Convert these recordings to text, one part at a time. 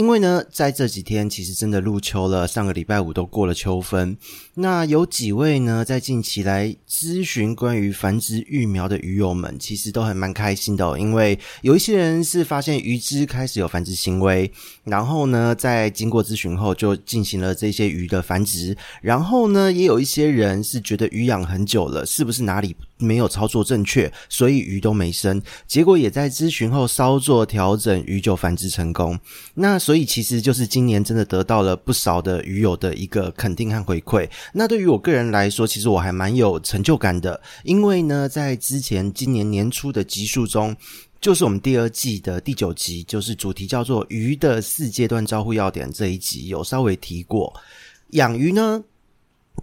因為呢，在這幾天其實真的入秋了，上個禮拜五都過了秋分。那有幾位呢，在近期來諮詢關於繁殖育苗的魚友們，其實都還蠻開心的哦。因為有一些人是發現魚隻開始有繁殖行為，然後呢，在經過諮詢後就進行了這些魚的繁殖。然後呢，也有一些人是覺得魚養很久了，是不是哪裡沒有操作正確，所以魚都沒生。結果也在諮詢後稍作調整，魚就繁殖成功。那。所以，其實就是今年真的得到了不少的魚友的一個肯定和回饋。那對於我個人來說，其實我還蠻有成就感的，因為呢，在之前今年年初的集數中，就是我們第二季的第九集，就是主題叫做“魚的四階段照護要點”這一集，有稍微提過養魚呢，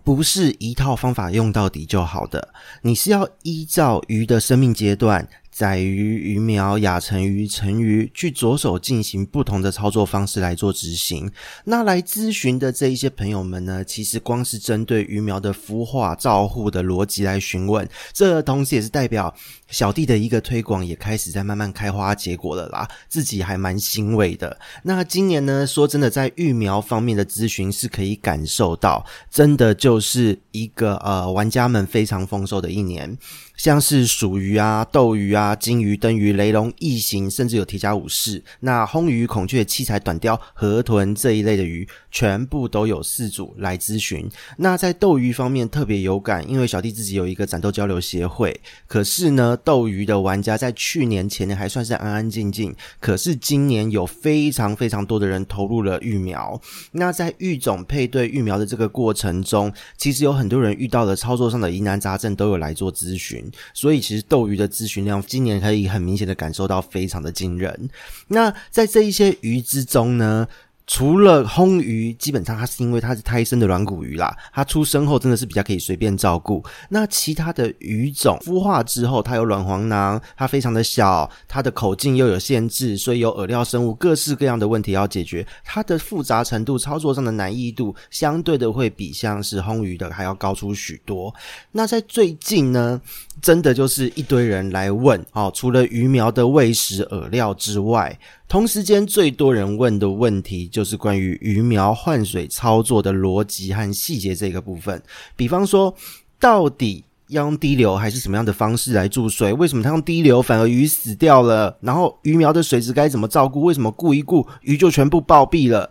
不是一套方法用到底就好的，你是要依照魚的生命階段。仔魚、魚苗、亞成魚、成魚，去着手進行不同的操作方式來做執行。那來諮詢的這一些朋友們呢，其實光是針對魚苗的孵化、照護的邏輯來詢問，這同時也是代表小弟的一個推廣也開始在慢慢開花結果了啦，自己還蠻欣慰的。那今年呢，說真的，在育苗方面的諮詢是可以感受到，真的就是一個呃、玩家們非常豐收的一年。像是鼠魚啊、鬥魚啊、金魚、燈魚、雷龍、異形，甚至有鐵甲武士、那魟魚、孔雀、七彩短鯛、河豚這一類的魚，全部都有四組來諮詢。那在鬥魚方面特別有感，因為小弟自己有一個戰鬥交流協會。可是呢，鬥魚的玩家在去年前年還算是安安靜靜，可是今年有非常非常多的人投入了育苗。那在育種配對育苗的這個過程中，其實有很多人遇到了操作上的疑難雜症，都有來做諮詢。所以，其實鬥魚的諮詢量今年可以很明顯的感受到非常的驚人。那在這一些魚之中呢，除了魟魚，基本上它是因為它是胎生的軟骨魚啦，它出生後真的是比較可以隨便照顧。那其他的魚種孵化之後，它有卵黃囊，它非常的小，它的口徑又有限制，所以有餌料生物各式各樣的問題要解決。它的複雜程度、操作上的難易度，相對的會比像是魟魚的還要高出許多。那在最近呢，真的就是一堆人來問，好、哦，除了魚苗的餵食餌料之外，同時間最多人問的問題就是關於魚苗換水操作的邏輯和細節這個部分。比方說，到底要用滴流還是什麼樣的方式來注水？為什麼他用滴流反而魚死掉了？然後魚苗的水質該怎麼照顧？為什麼顧一顧魚就全部暴斃了？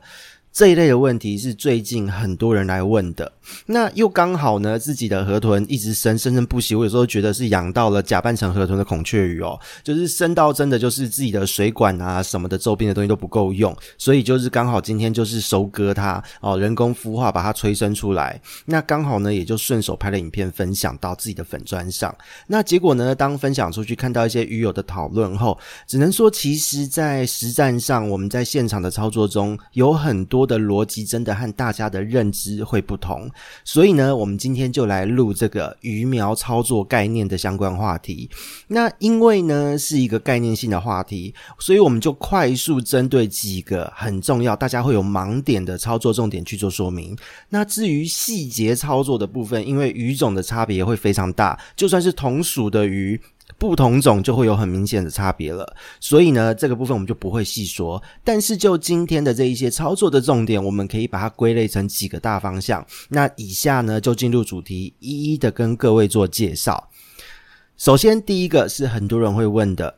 這一類的問題是最近很多人來問的。那又剛好呢，自己的河豚一直生生生不息，我有時候覺得是養到了假扮成河豚的孔雀魚哦，就是生到真的就是自己的水管啊什麼的周邊的東西都不夠用，所以就是剛好今天就是收割它哦，人工孵化把它催生出來。那剛好呢，也就順手拍了影片分享到自己的粉專上。那結果呢，當分享出去看到一些魚友的討論後，只能說其實在實戰上我們在現場的操作中有很多的邏輯真的和大家的認知會不同，所以呢，我們今天就來錄這個魚苗操作概念的相關話題。那因為呢是一個概念性的話題，所以我們就快速針對幾個很重要、大家會有盲點的操作重點去做說明。那至於細節操作的部分，因為魚種的差別會非常大，就算是同屬的魚。不同種就會有很明顯的差別了，所以呢，這個部分我們就不會細說。但是就今天的這一些操作的重點，我們可以把它歸類成幾個大方向。那以下呢，就進入主題，一一的跟各位做介紹。首先，第一個是很多人會問的，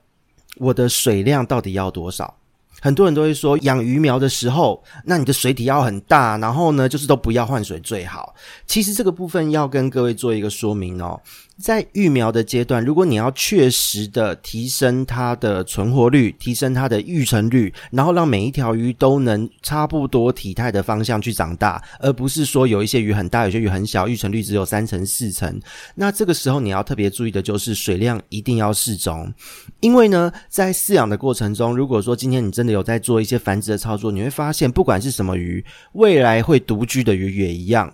我的水量到底要多少？很多人都會說養魚苗的時候，那你的水體要很大，然後呢，就是都不要換水最好。其實這個部分要跟各位做一個說明哦。在育苗的階段，如果你要確實的提升它的存活率，提升它的育成率，然後讓每一條魚都能差不多體態的方向去長大，而不是說有一些魚很大，有些魚很小，育成率只有三成四成。那這個時候你要特別注意的就是水量一定要適中，因為呢，在飼養的過程中，如果說今天你真的有在做一些繁殖的操作，你會發現，不管是什麼魚，未來會獨居的魚也一樣。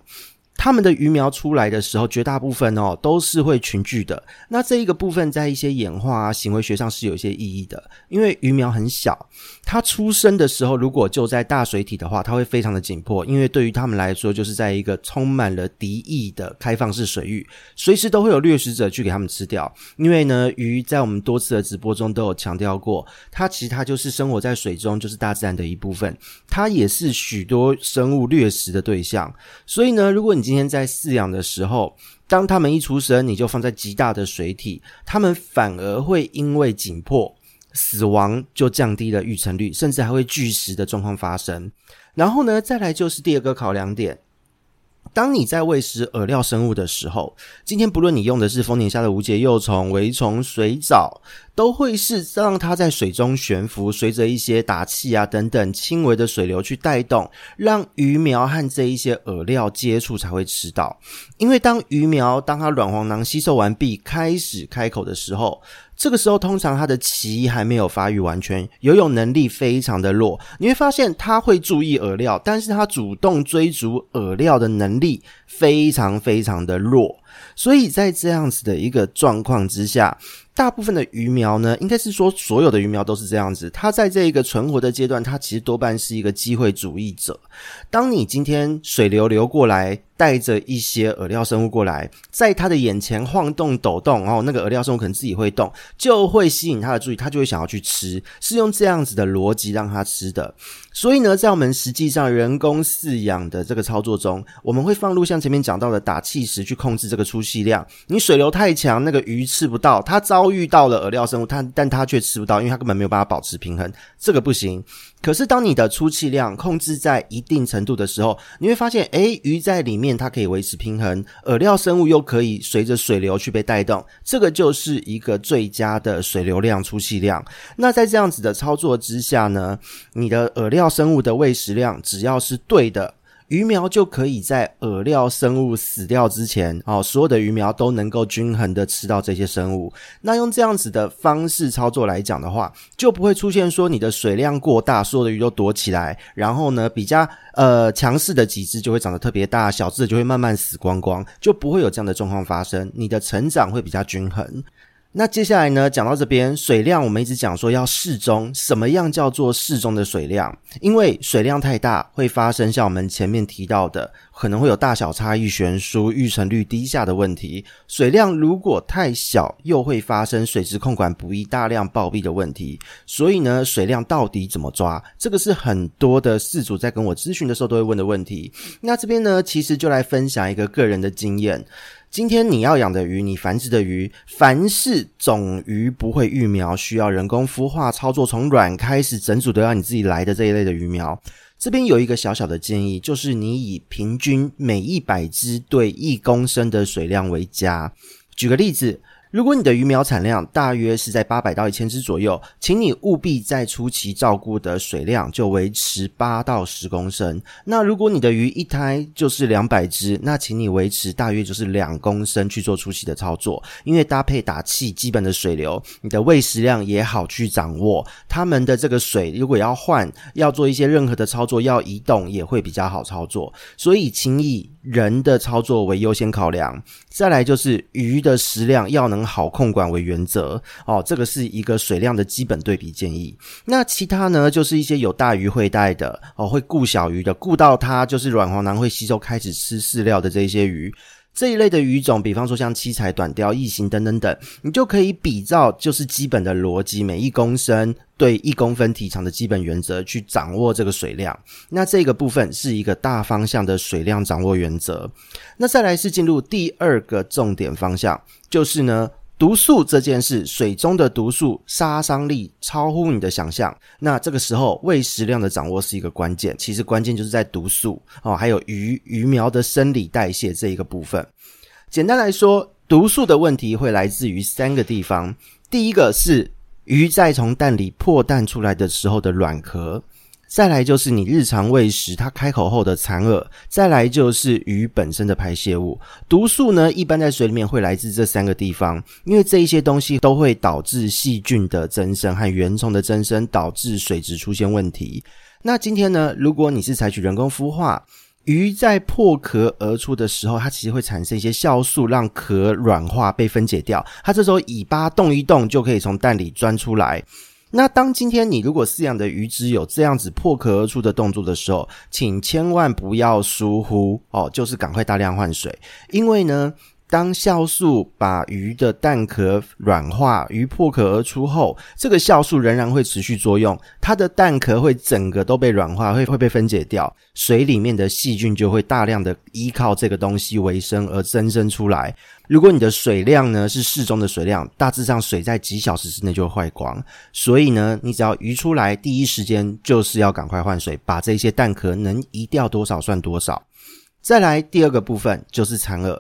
他們的魚苗出來的時候，絕大部分哦都是會群聚的。那這一個部分在一些演化啊行為學上是有一些意義的，因為魚苗很小，它出生的時候如果就在大水體的話，它會非常的緊迫，因為對於他們來說，就是在一個充滿了敵意的開放式水域，隨時都會有掠食者去給他們吃掉。因為呢，魚在我們多次的直播中都有強調過，它其實它就是生活在水中，就是大自然的一部分，它也是許多生物掠食的對象。所以呢，如果你今天在飼養的時候，當他們一出生，你就放在極大的水體，他們反而會因為緊迫，死亡就降低了育成率，甚至還會拒食的狀況發生。然後呢，再來就是第二個考量點，當你在餵食餌料生物的時候，今天不論你用的是豐年蝦的無節幼蟲、圍蟲、水蚤。都會是讓它在水中懸浮，隨着一些打氣啊等等輕微的水流去帶動，讓魚苗和這一些餌料接觸才會吃到。因為當魚苗當它卵黃囊吸收完畢開始開口的時候，這個時候通常它的鰭還沒有發育完全，游泳能力非常的弱。你會發現它會注意餌料，但是它主動追逐餌料的能力非常非常的弱。所以在這樣子的一個狀況之下，大部分的魚苗呢，應該是說所有的魚苗都是這樣子，它在這一個存活的階段，它其實多半是一個機會主義者。當你今天水流流過來，帶着一些餌料生物過來，在他的眼前晃動、抖動，然後、哦、那個餌料生物可能自己會動，就會吸引他的注意，他就會想要去吃，是用這樣子的邏輯讓他吃的。所以呢，在我們實際上人工飼養的這個操作中，我們會放入像前面講到的打氣石去控制這個出氣量。你水流太強，那個魚吃不到；他遭遇到了餌料生物，它但它卻吃不到，因為它根本沒有辦法保持平衡，這個不行。可是，當你的出氣量控制在一定程度的時候，你會發現，誒，魚在裡面它可以維持平衡，餌料生物又可以隨着水流去被帶動，這個就是一個最佳的水流量出氣量。那在這樣子的操作之下呢，你的餌料生物的餵食量只要是對的。魚苗就可以在餌料生物死掉之前，哦，所有的魚苗都能夠均衡的吃到這些生物。那用這樣子的方式操作來講的話，就不會出現說你的水量過大，所有的魚都躲起來，然後呢比較呃強勢的幾隻就會長得特別大，小隻的就會慢慢死光光，就不會有這樣的狀況發生，你的成長會比較均衡。那接下來呢，講到這邊水量，我們一直講說要適中。什麼樣叫做適中的水量？因為水量太大，會發生像我們前面提到的，可能會有大小差異懸殊、育成率低下的問題。水量如果太小，又會發生水質控管不易、大量暴斃的問題。所以呢，水量到底怎麼抓？這個是很多的飼主在跟我諮詢的時候都會問的問題。那這邊呢，其實就來分享一個個人的經驗。今天你要養的魚，你繁殖的魚，凡是種魚不會育苗，需要人工孵化操作，從卵開始，整組都要你自己來的這一類的魚苗，這邊有一個小小的建議，就是你以平均每一百隻對一公升的水量為佳。舉個例子。如果你的魚苗產量大約是在八百到一千只左右，請你務必在初期照顧的水量就維持八到十公升。那如果你的魚一胎就是兩百只，那請你維持大約就是兩公升去做初期的操作，因為搭配打氣基本的水流，你的餵食量也好去掌握。他們的這個水如果要換，要做一些任何的操作，要移動也會比較好操作。所以，請以人的操作為優先考量。再來就是魚的食量要能好控管為原則哦，這個是一個水量的基本對比建議。那其他呢，就是一些有大魚會帶的哦，會顧小魚的，顧到它就是卵黃囊會吸收開始吃飼料的這些魚。這一類的魚種，比方說像七彩短鯛、異形等等等，你就可以比照就是基本的邏輯，每一公升對一公分體長的基本原則去掌握這個水量。那這個部分是一個大方向的水量掌握原則。那再來是進入第二個重點方向，就是呢。毒素這件事，水中的毒素殺傷力超乎你的想象。那這個時候，餵食量的掌握是一個關鍵。其實關鍵就是在毒素哦，還有魚魚苗的生理代謝這一個部分。簡單來說，毒素的問題會來自於三個地方。第一個是魚在從蛋裡破蛋出來的時候的卵殼。再來就是你日常餵食它開口後的殘餌，再來就是魚本身的排泄物。毒素呢，一般在水裡面會來自這三個地方，因為這一些東西都會導致細菌的增生和原蟲的增生，導致水質出現問題。那今天呢，如果你是採取人工孵化，魚在破殼而出的時候，它其實會產生一些酵素，讓殼軟化被分解掉，它這時候尾巴動一動就可以從蛋裡鑽出來。那當今天你如果飼養的魚只有這樣子破殼而出的動作的時候，請千萬不要疏忽哦，就是趕快大量換水，因為呢。當酵素把魚的蛋殼軟化，魚破殼而出後，這個酵素仍然會持續作用，它的蛋殼會整個都被軟化，會會被分解掉。水裡面的細菌就會大量的依靠這個東西為生而增生出來。如果你的水量呢是適中的水量，大致上水在幾小時之內就會壞光。所以呢，你只要魚出來第一時間就是要趕快換水，把這些蛋殼能移掉多少算多少。再來第二個部分就是殘餌。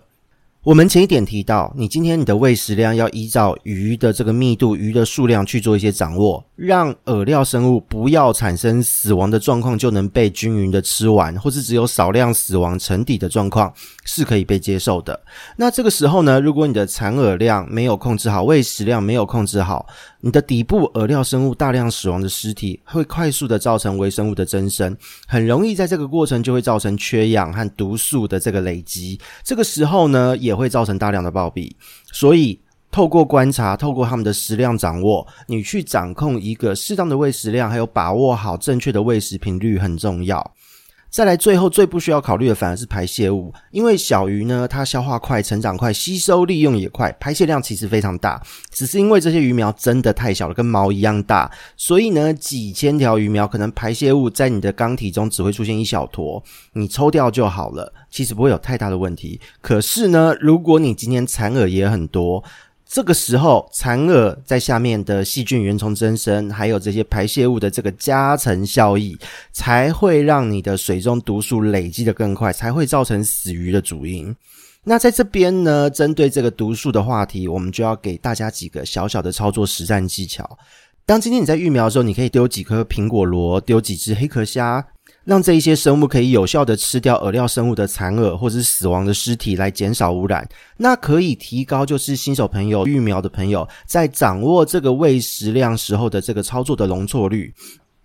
我們前一點提到，你今天你的餵食量要依照魚的這個密度、魚的數量去做一些掌握，讓餌料生物不要產生死亡的狀況，就能被均勻的吃完，或是只有少量死亡沉底的狀況，是可以被接受的。那這個時候呢，如果你的殘餌量沒有控制好，餵食量沒有控制好，你的底部餌料生物大量死亡的屍體，會快速的造成微生物的增生，很容易在這個過程就會造成缺氧和毒素的這個累積。這個時候呢，也會造成大量的暴斃，所以透過觀察，透過他們的食量掌握，你去掌控一個適當的餵食量，還有把握好正確的餵食頻率很重要。再來，最後最不需要考慮的反而是排泄物，因為小魚呢，它消化快、成長快、吸收利用也快，排泄量其實非常大。只是因為這些魚苗真的太小了，跟毛一樣大，所以呢，幾千條魚苗可能排泄物在你的缸體中只會出現一小坨，你抽掉就好了，其實不會有太大的問題。可是呢，如果你今天殘餌也很多。這個時候，殘餌在下面的細菌原蟲增生，還有這些排泄物的這個加成效益，才會讓你的水中毒素累積得更快，才會造成死魚的主因。那在這邊呢，針對這個毒素的話題，我們就要給大家幾個小小的操作實戰技巧。當今天你在育苗的時候，你可以丟幾顆蘋果螺，丟幾隻黑殼蝦。讓這一些生物可以有效的吃掉餌料生物的殘餌或者是死亡的屍體來減少污染，那可以提高就是新手朋友、育苗的朋友在掌握這個餵食量時候的這個操作的容錯率。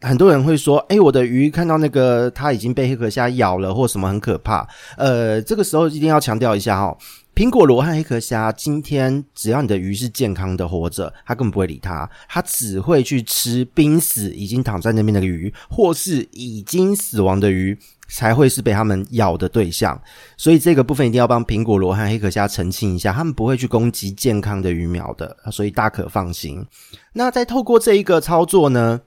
很多人會說：“哎，我的魚看到那個它已經被黑殼蝦咬了，或什麼很可怕。”呃，這個時候一定要強調一下哈、哦。蘋果螺和黑殼蝦今天只要你的魚是健康的活着，它根本不會理它，它只會去吃瀕死、已經躺在那邊的魚，或是已經死亡的魚，才會是被他們咬的對象。所以這個部分一定要幫蘋果螺和黑殼蝦澄清一下，他們不會去攻擊健康的魚苗的，所以大可放心。那再透過這一個操作呢？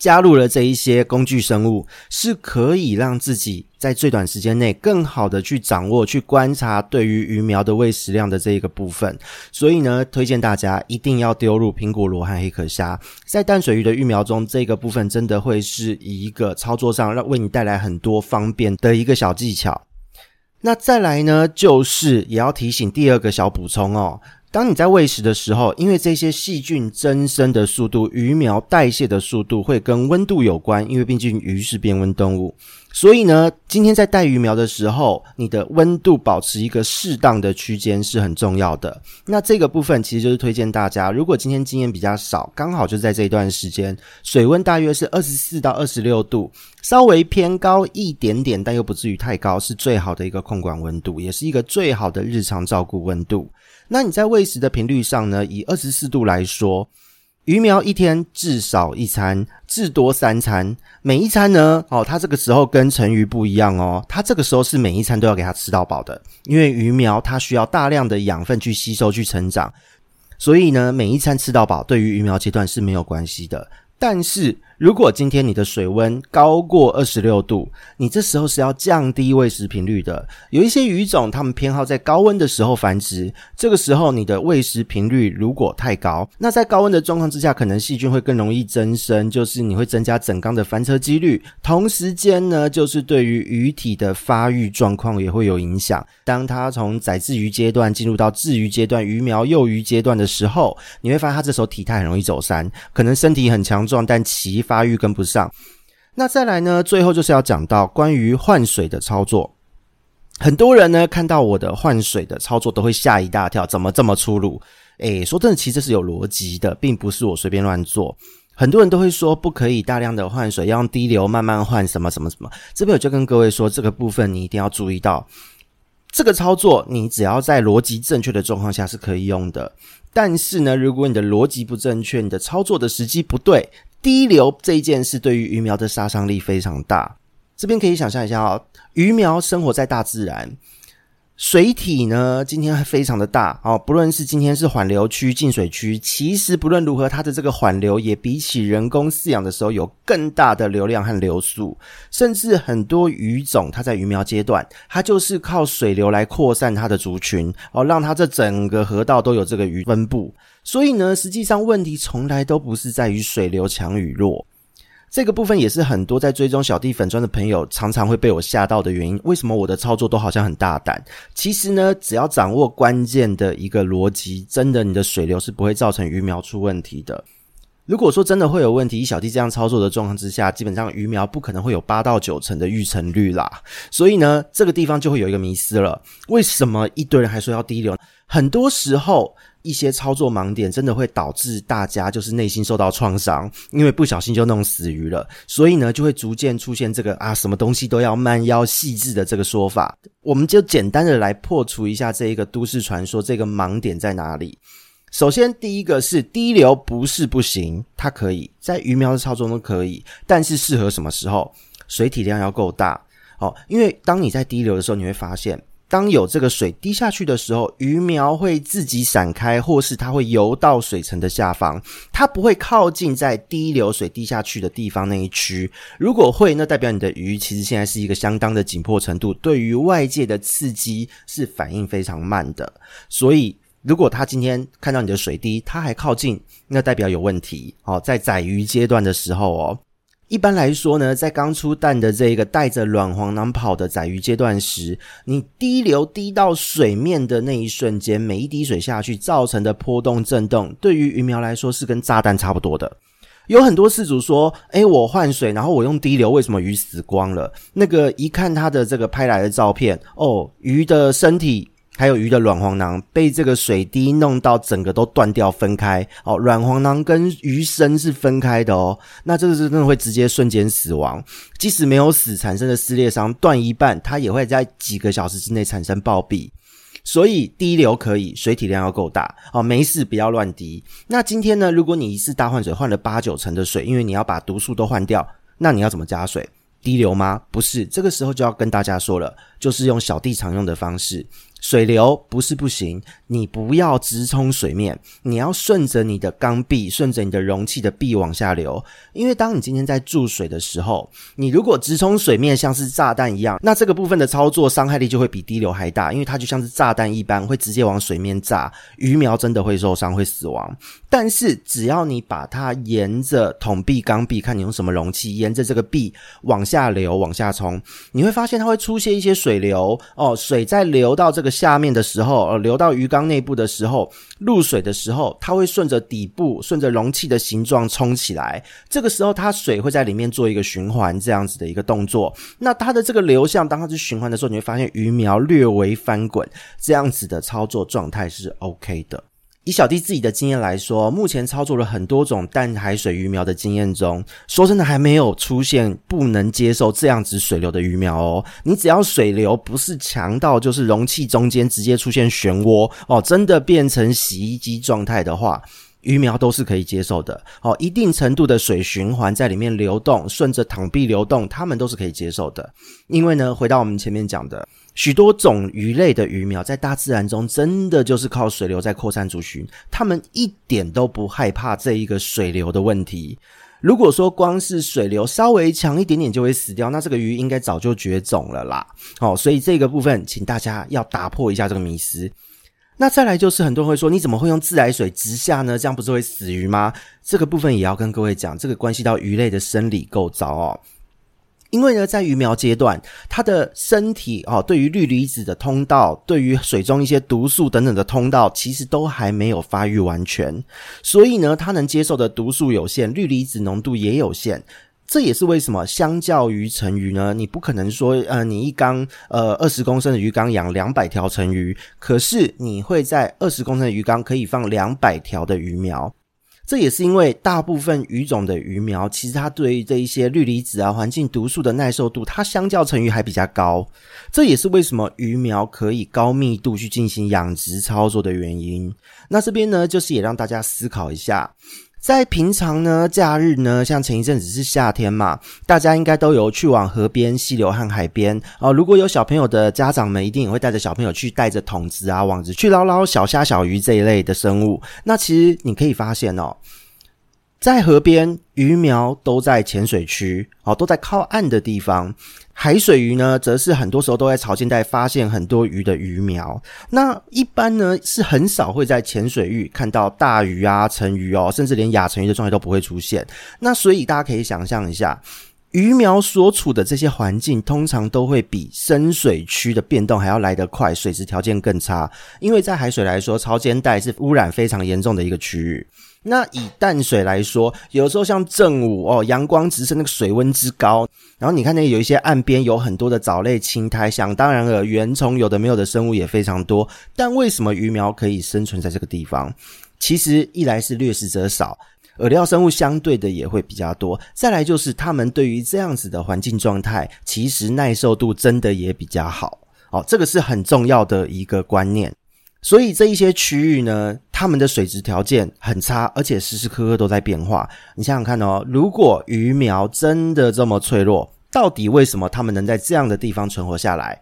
加入了這一些工具生物，是可以讓自己在最短時間內更好的去掌握、去觀察對於魚苗的餵食量的這一個部分。所以呢，推薦大家一定要丟入蘋果螺和黑殼蝦，在淡水魚的育苗中，這個部分真的會是一個操作上讓為你帶來很多方便的一個小技巧。那再來呢，就是也要提醒第二個小補充哦。當你在餵食的時候，因為這些細菌增生的速度、魚苗代謝的速度會跟溫度有關，因為畢竟魚是變溫動物，所以呢，今天在帶魚苗的時候，你的溫度保持一個適當的區間是很重要的。那這個部分其實就是推薦大家，如果今天經驗比較少，剛好就在這一段時間，水溫大約是二十四到二十六度，稍微偏高一點點，但又不至於太高，是最好的一個控管溫度，也是一個最好的日常照顧溫度。那你在餵食的頻率上呢？以二十四度來說，魚苗一天至少一餐，至多三餐。每一餐呢，哦，它這個時候跟成魚不一樣哦，它這個時候是每一餐都要給它吃到飽的，因為魚苗它需要大量的養分去吸收去成長。所以呢，每一餐吃到飽對於魚苗階段是沒有關係的，但是。如果今天你的水溫高過二十六度，你這時候是要降低餵食頻率的。有一些魚種，它們偏好在高溫的時候繁殖。這個時候，你的餵食頻率如果太高，那在高溫的狀況之下，可能細菌會更容易增生，就是你會增加整缸的翻車幾率。同時間呢，就是對於魚體的發育狀況也會有影響。當它從仔稚魚階段進入到稚魚階段、魚苗、幼魚階段的時候，你會發現它這時候體態很容易走山，可能身體很強壯，但其發育跟不上，那再來呢？最後就是要講到關於換水的操作。很多人呢，看到我的換水的操作都會嚇一大跳，怎麼這麼粗魯？誒、欸，說真的，其實是有邏輯的，並不是我隨便亂做。很多人都會說不可以大量的換水，要用滴流慢慢換，什麼什麼什麼。這邊我就跟各位說，這個部分你一定要注意到，這個操作你只要在邏輯正確的狀況下是可以用的。但是呢，如果你的邏輯不正確，你的操作的時機不對，滴流這一件事對於魚苗的殺傷力非常大。這邊可以想象一下哦，魚苗生活在大自然。水體呢，今天非常的大哦，不論是今天是緩流區、進水區，其實不論如何，它的這個緩流也比起人工飼養的時候有更大的流量和流速，甚至很多魚種它在魚苗階段，它就是靠水流來擴散它的族群哦，讓它這整個河道都有這個魚分布，所以呢，實際上問題從來都不是在於水流強與弱。這個部分也是很多在追蹤小弟粉專的朋友常常會被我嚇到的原因。為什麼我的操作都好像很大膽？其實呢，只要掌握關鍵的一個邏輯，真的你的水流是不會造成魚苗出問題的。如果說真的會有問題，小弟這樣操作的狀況之下，基本上魚苗不可能會有八到九成的育成率啦。所以呢，這個地方就會有一個迷思了。為什麼一堆人還說要低流？很多時候，一些操作盲點真的會導致大家就是內心受到創傷，因為不小心就弄死魚了，所以呢就會逐漸出現這個啊什麼東西都要慢要細緻的這個說法。我們就簡單的來破除一下這一個都市傳說，這個盲點在哪裡？首先，第一個是滴流不是不行，它可以在魚苗的操作中都可以，但是適合什麼時候？水體量要夠大哦，因為當你在滴流的時候，你會發現。當有這個水滴下去的時候，魚苗會自己閃開，或是它會游到水層的下方，它不會靠近在滴流水滴下去的地方那一區。如果會，那代表你的魚其實現在是一個相當的緊迫程度，對於外界的刺激是反應非常慢的。所以，如果它今天看到你的水滴，它還靠近，那代表有問題哦。在仔魚階段的時候哦。一般來說呢，在剛出蛋的這個帶着卵黃囊跑的仔魚階段時，你滴流滴到水面的那一瞬間，每一滴水下去造成的波動震動，對於魚苗來說是跟炸彈差不多的。有很多飼主說：“誒、欸，我換水，然後我用滴流，為什麼魚死光了？”那個一看他的這個拍來的照片，哦，魚的身體。還有魚的卵黃囊被這個水滴弄到整個都斷掉分開哦，卵黃囊跟魚身是分開的哦，那這個是真的會直接瞬間死亡。即使沒有死，產生的撕裂傷斷一半，它也會在幾個小時之內產生暴斃。所以滴流可以，水體量要夠大哦，沒事不要亂滴。那今天呢，如果你一次大換水換了八九成的水，因為你要把毒素都換掉，那你要怎麼加水？滴流嗎？不是，這個時候就要跟大家說了。就是用小弟常用的方式，水流不是不行，你不要直沖水面，你要順着你的缸壁，順着你的容器的壁往下流。因為當你今天在注水的時候，你如果直沖水面，像是炸彈一樣，那這個部分的操作傷害力就會比滴流還大，因為它就像是炸彈一般，會直接往水面炸，魚苗真的會受傷、會死亡。但是只要你把它沿着桶壁、缸壁，看你用什麼容器，沿着這個壁往下流、往下沖，你會發現它會出現一些水。水流哦，水在流到這個下面的時候，呃，流到魚缸內部的時候，入水的時候，它會順着底部，順着容器的形狀衝起來。這個時候，它水會在裡面做一個循環，這樣子的一個動作。那它的這個流向，當它去循環的時候，你會發現魚苗略微翻滾，這樣子的操作狀態是 OK 的。以小弟自己的經驗來說，目前操作了很多種淡海水魚苗的經驗中，說真的還沒有出現不能接受這樣子水流的魚苗哦。你只要水流不是強到就是容器中間直接出現漩渦哦，真的變成洗衣機狀態的話，魚苗都是可以接受的哦。一定程度的水循環在裡面流動，順着躺壁流動，它們都是可以接受的。因為呢，回到我們前面講的。許多種魚類的魚苗在大自然中，真的就是靠水流在擴散族群，它們一點都不害怕這一個水流的問題。如果說光是水流稍微強一點點就會死掉，那這個魚應該早就絕種了啦。好，哦，所以這個部分，請大家要打破一下這個迷思。那再來就是很多人會說，你怎麼會用自來水直下呢？這樣不是會死魚嗎？這個部分也要跟各位講，這個關係到魚類的生理構造哦。因為呢，在魚苗階段，它的身體哦，對於氯離子的通道，對於水中一些毒素等等的通道，其實都還沒有發育完全，所以呢，它能接受的毒素有限，氯離子濃度也有限。這也是為什麼，相較於成魚呢，你不可能說，呃，你一缸呃二十公升的魚缸養兩百條成魚，可是你會在二十公升的魚缸可以放兩百條的魚苗。這也是因為大部分魚種的魚苗，其實它對於這一些氯離子啊、環境毒素的耐受度，它相較成魚還比較高。這也是為什麼魚苗可以高密度去進行養殖操作的原因。那這邊呢，就是也讓大家思考一下。在平常呢，假日呢，像前一陣子是夏天嘛，大家應該都有去往河邊、溪流和海邊啊、哦。如果有小朋友的家長們，一定也會帶着小朋友去，帶着桶子啊、網子去撈撈小蝦、小魚這一類的生物。那其實你可以發現哦，在河邊魚苗都在淺水區，哦，都在靠岸的地方。海水魚呢，則是很多時候都在潮間帶發現很多魚的魚苗。那一般呢，是很少會在淺水域看到大魚啊、成魚哦，甚至連亞成魚的狀態都不會出現。那所以大家可以想象一下，魚苗所處的這些環境，通常都會比深水區的變動還要來得快，水質條件更差。因為在海水來說，潮間帶是污染非常嚴重的一個區域。那以淡水來說，有時候像正午哦，陽光直射，那個水溫之高，然後你看那有一些岸邊有很多的藻類、青苔，想當然了，原蟲有的沒有的生物也非常多。但為什麼魚苗可以生存在這個地方？其實一來是掠食者少，餌料生物相對的也會比較多；再來就是他們對於這樣子的環境狀態，其實耐受度真的也比較好。哦，這個是很重要的一個觀念。所以這一些區域呢，它們的水質條件很差，而且時時刻刻都在變化。你想想看哦，如果魚苗真的這麼脆弱，到底為什麼它們能在這樣的地方存活下來？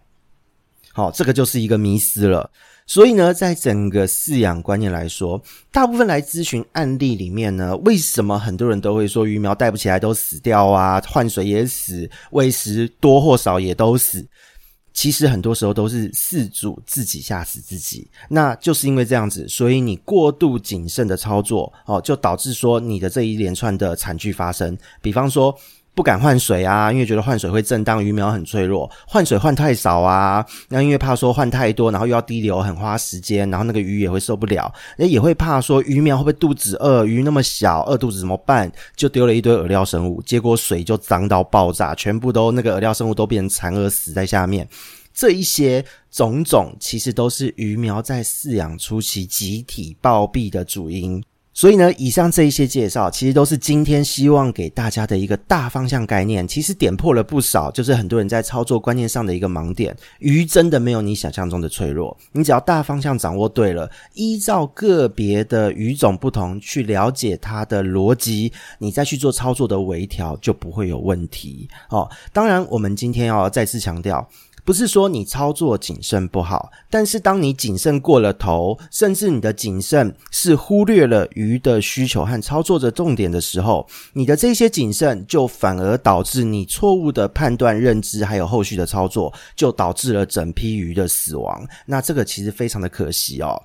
好，哦，這個就是一個迷思了。所以呢，在整個飼養觀念來說，大部分來諮詢案例裡面呢，為什麼很多人都會說魚苗帶不起來都死掉啊，換水也死，餵食多或少也都死。其實很多時候都是飼主，自己嚇死自己，那就是因為這樣子，所以你過度謹慎的操作哦，就導致說你的這一連串的慘劇發生，比方說。不敢換水啊，因為覺得換水會震盪，魚苗很脆弱。換水換太少啊，那因為怕說換太多，然後又要滴流很花時間，然後那個魚也會受不了。也也會怕說魚苗會不會肚子餓？魚那麼小，餓肚子怎麼辦？就丟了一堆餌料生物，結果水就髒到爆炸，全部都那個餌料生物都變成殘餌死在下面。這一些種種，其實都是魚苗在飼養初期集體暴斃的主因。所以呢，以上這一些介紹，其實都是今天希望給大家的一個大方向概念。其實點破了不少，就是很多人在操作觀念上的一個盲點。魚真的沒有你想象中的脆弱，你只要大方向掌握對了，依照個別的魚種不同去了解它的邏輯，你再去做操作的微調就不會有問題。哦，當然，我們今天要再次強調。不是說你操作謹慎不好，但是當你謹慎過了頭，甚至你的謹慎是忽略了魚的需求和操作的重點的時候，你的這些謹慎就反而導致你錯誤的判斷認知，還有後續的操作，就導致了整批魚的死亡。那這個其實非常的可惜哦。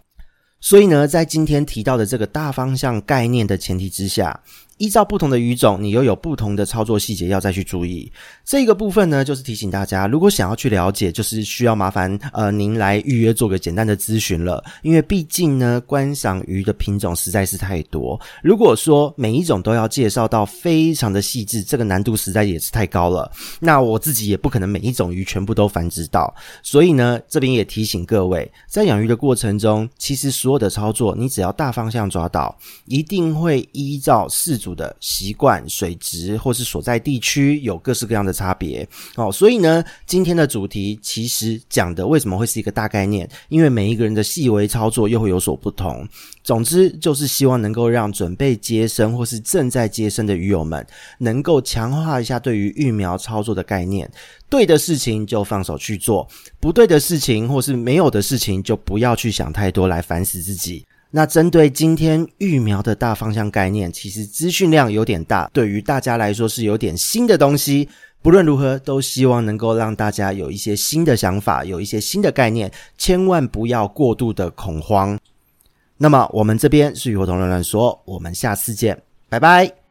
所以呢，在今天提到的這個大方向概念的前提之下，依照不同的魚種，你又有不同的操作細節要再去注意。這個部分呢，就是提醒大家，如果想要去了解，就是需要麻煩呃、您來預約做個簡單的諮詢了。因為畢竟呢，觀賞魚的品種實在是太多，如果說每一種都要介紹到非常的細緻，這個難度實在也是太高了。那我自己也不可能每一種魚全部都繁殖到，所以呢，這邊也提醒各位，在養魚的過程中，其實所有的操作，你只要大方向抓到，一定會依照飼主的習慣、水質或是所在地區有各式各樣的差別哦，所以呢，今天的主題其實講的為什麼會是一個大概念，因為每一個人的細微操作又會有所不同。總之，就是希望能夠讓準備接生或是正在接生的魚友們，能夠強化一下對於育苗操作的概念。對的事情就放手去做，不對的事情或是沒有的事情，就不要去想太多，來煩死自己。那針對今天育苗的大方向概念，其實資訊量有點大，對於大家來說是有點新的東西。不論如何，都希望能夠讓大家有一些新的想法，有一些新的概念，千萬不要過度的恐慌。那麼，我們這邊是魚活通亂亂說，我們下次見，拜拜。